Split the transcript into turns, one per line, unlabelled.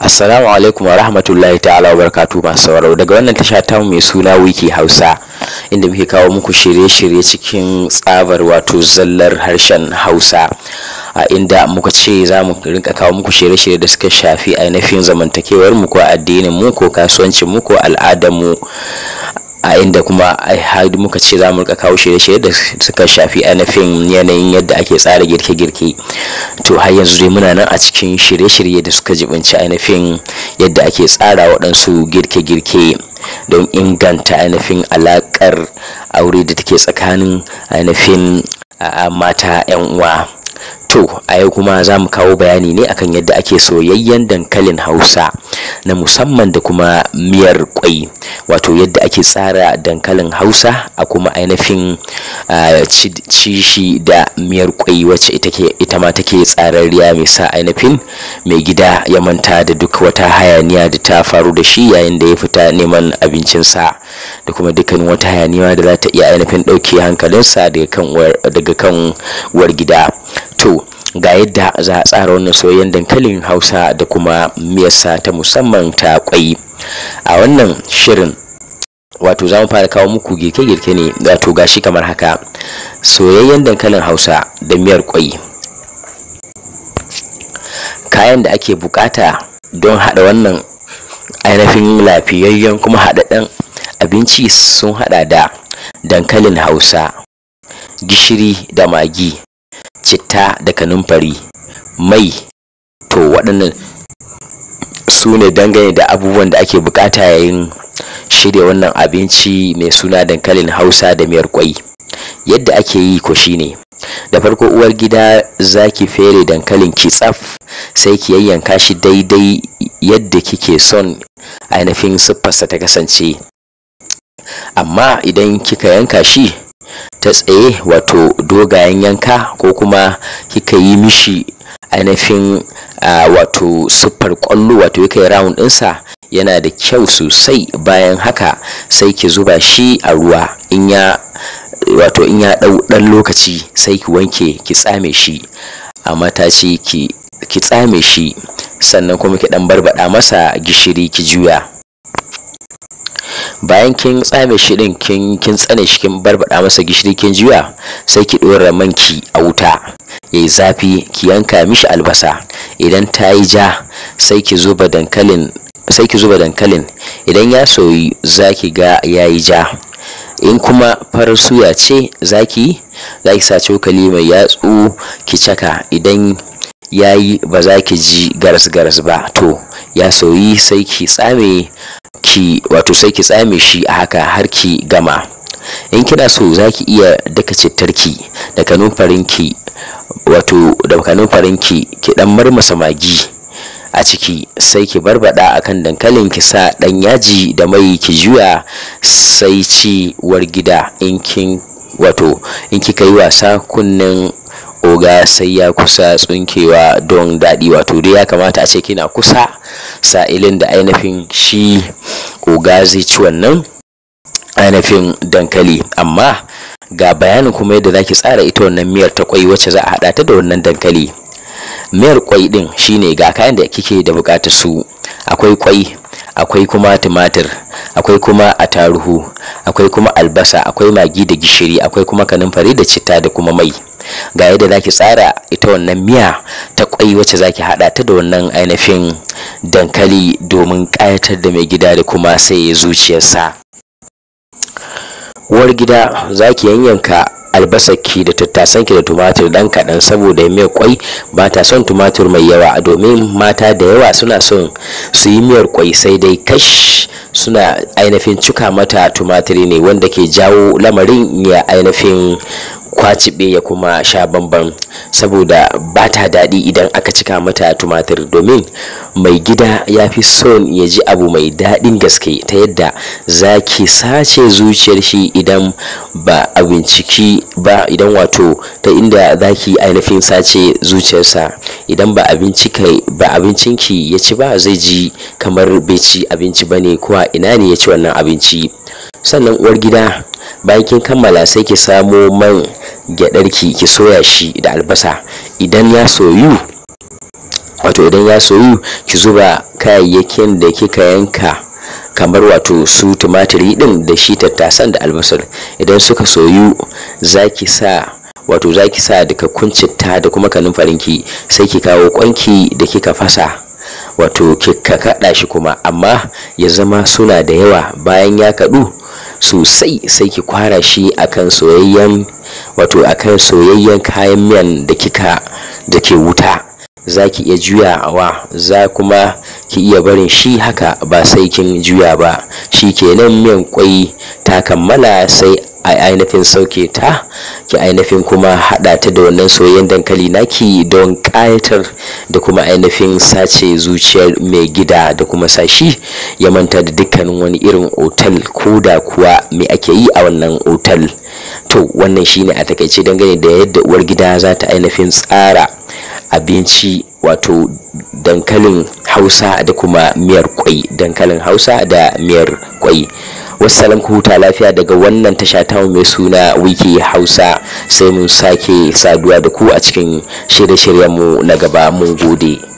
Assalamu alaikum wa rahmatullahi ta'ala wa barakatu masu sauraro daga wannan tasha ta mu mai suna wiki Hausa inda muke kawo muku shirye-shirye cikin tsabar wato zallar harshen Hausa a inda muka ce za mu rinka kawo muku shirye-shirye da suka shafi ainihin zamantakewar mu ko addinin mu ko kasuwancin mu ko al'adar mu a inda kuma har muka ce za mu kawo shirye-shirye da suka shafi ainihin yanayin yadda ake tsara girke-girke to har yanzu dai muna nan a cikin shirye-shirye da suka jibinci ainihin yadda ake tsara waɗansu girke-girke don inganta ainihin alaƙar aure da take tsakanin ainihin mata 'yan uwa. to a yau kuma za mu kawo bayani ne akan yadda ake soyayyen dankalin hausa na musamman da kuma miyar kwai wato yadda ake tsara dankalin hausa a kuma ainihin ci da miyar kwai wacce ita ma take tsararriya mai sa ainihin mai gida ya manta da duk wata hayaniya da ta faru da shi yayin da ya fita neman abincinsa da kuma dukkan wata hayaniya da za ta iya ainihin ɗauke hankalinsa daga kan uwar gida to ga yadda za a tsara wannan soyayyen dankalin hausa da kuma miyarsa ta musamman ta kwai a wannan shirin wato za mu fara kawo muku girke-girke ne wato gashi kamar haka soyayyen dankalin hausa da miyar kwai kayan da ake bukata don hada wannan ainihin lafiyayyen kuma haɗaɗɗen abinci sun hada da dankalin hausa gishiri da magi citta da kanumfari mai to waɗannan su ne dangane da abubuwan da ake bukata yayin shirya wannan abinci mai suna dankalin hausa da miyar kwai yadda ake yi ko shine da farko uwar gida za ki fere dankalin ki tsaf sai ki yayyanka shi daidai yadda kike son ainihin siffarsa ta kasance amma idan kika yanka shi ta tsaye wato dogayen yanka ko kuma kika yi mishi ainihin wato siffar kwallo wato kika yi round ɗinsa yana da kyau sosai bayan haka sai ki zuba shi a ruwa in ya wato in ya ɗau ɗan lokaci sai ki wanke ki tsame shi a mataci ki tsame shi sannan kuma ki ɗan barbaɗa masa gishiri ki juya bayan kin tsame shi din kin kin tsane shi kin barbada masa gishiri kin juya sai ki dora manki a wuta yayi zafi ki yanka mishi albasa idan ta yi ja sai ki zuba dankalin sai ki zuba dankalin idan ya soyi zaki ga yayi ja in kuma farar suya ce zaki zaki sa cokali mai yatsu ki caka idan yayi ba za ki ji garas garas ba to ya soyi sai ki tsame ki wato sai ki tsame shi a haka har ki gama in kina so za ki iya daka cittarki da kanunfarinki wato da nufarinki ki dan marmasa magi a ciki sai ki barbada akan dankalin ki sa dan yaji da mai ki juya sai ci war gida in kin wato in kika yi wasa kunnen oga sai ya kusa tsunkewa don daɗi wato dai ya kamata a ce kina kusa sa'ilin da ainihin shi oga zai ci wannan ainihin dankali amma ga bayanin kuma yadda zaki tsara ita wannan miyar ta kwai wacce za a haɗa ta da wannan dankali miyar kwai ɗin shine ga kayan da kike da bukatar su akwai kwai akwai kuma tumatir akwai kuma ataruhu akwai kuma albasa akwai magi da gishiri akwai kuma kanumfari da citta da kuma mai ga yadda zaki tsara ita wannan miya ta kwai wacce zaki hada ta da wannan ainihin dankali domin kayatar da mai gida da kuma sai zuciyarsa uwar gida zaki yanyanka albasarki da tattasanki da tumatir dan kaɗan saboda miyar kwai ba ta son tumatir mai yawa domin mata da yawa suna son su yi miyar kwai sai dai kash suna ainihin cuka mata tumatiri ne wanda ke jawo lamarin ya ainihin kwacibe ya kuma sha bamban saboda ba ta daɗi idan aka cika mata tumatir domin mai gida ya fi son ya ji abu mai daɗin gaske ta yadda za ki sace zuciyar shi idan ba a ba idan wato ta inda za ki ainihin sace zuciyarsa idan ba abincinki ya ci ba zai ji kamar bai ci abinci ba ne kuwa ina ne ya ci wannan abinci sannan uwar gida bayan kin kammala sai ki samo man gyadarki ki soya shi da albasa idan ya soyu wato idan ya soyu ki zuba kayayyakin da kika yanka kamar wato su tumatiri din da shi tattasan da albasar idan suka soyu ki sa wato ki sa daga kuncinta da kuma kanumfarinki sai ki kawo kwanki da kika fasa wato kika kaɗa shi kuma amma ya zama suna da yawa bayan ya kaɗu sosai sai ki kwara shi akan soyayyen wato akan soyayyen kayan miyan da kika da ke wuta za ki iya juyawa za kuma ki iya barin shi haka ba sai kin juya ba shi kenan miyan kwai ta kammala sai a ainihin sauke ta ki ainihin kuma haɗa ta da wannan soyayyen dankali naki don ƙayatar da kuma ainihin sace zuciyar mai gida da kuma sashi ya manta da dukkanin wani irin otal ko da kuwa me ake yi a wannan otal to wannan shine a takaice dangane da yadda uwar gida za ta ainihin tsara abinci wato dankalin hausa da kuma miyar kwai dankalin hausa da miyar kwai wassalam ku huta lafiya daga wannan tasha ta mai suna wiki hausa sai mun sake saduwa da ku a cikin shirye-shiryenmu na gaba mun gode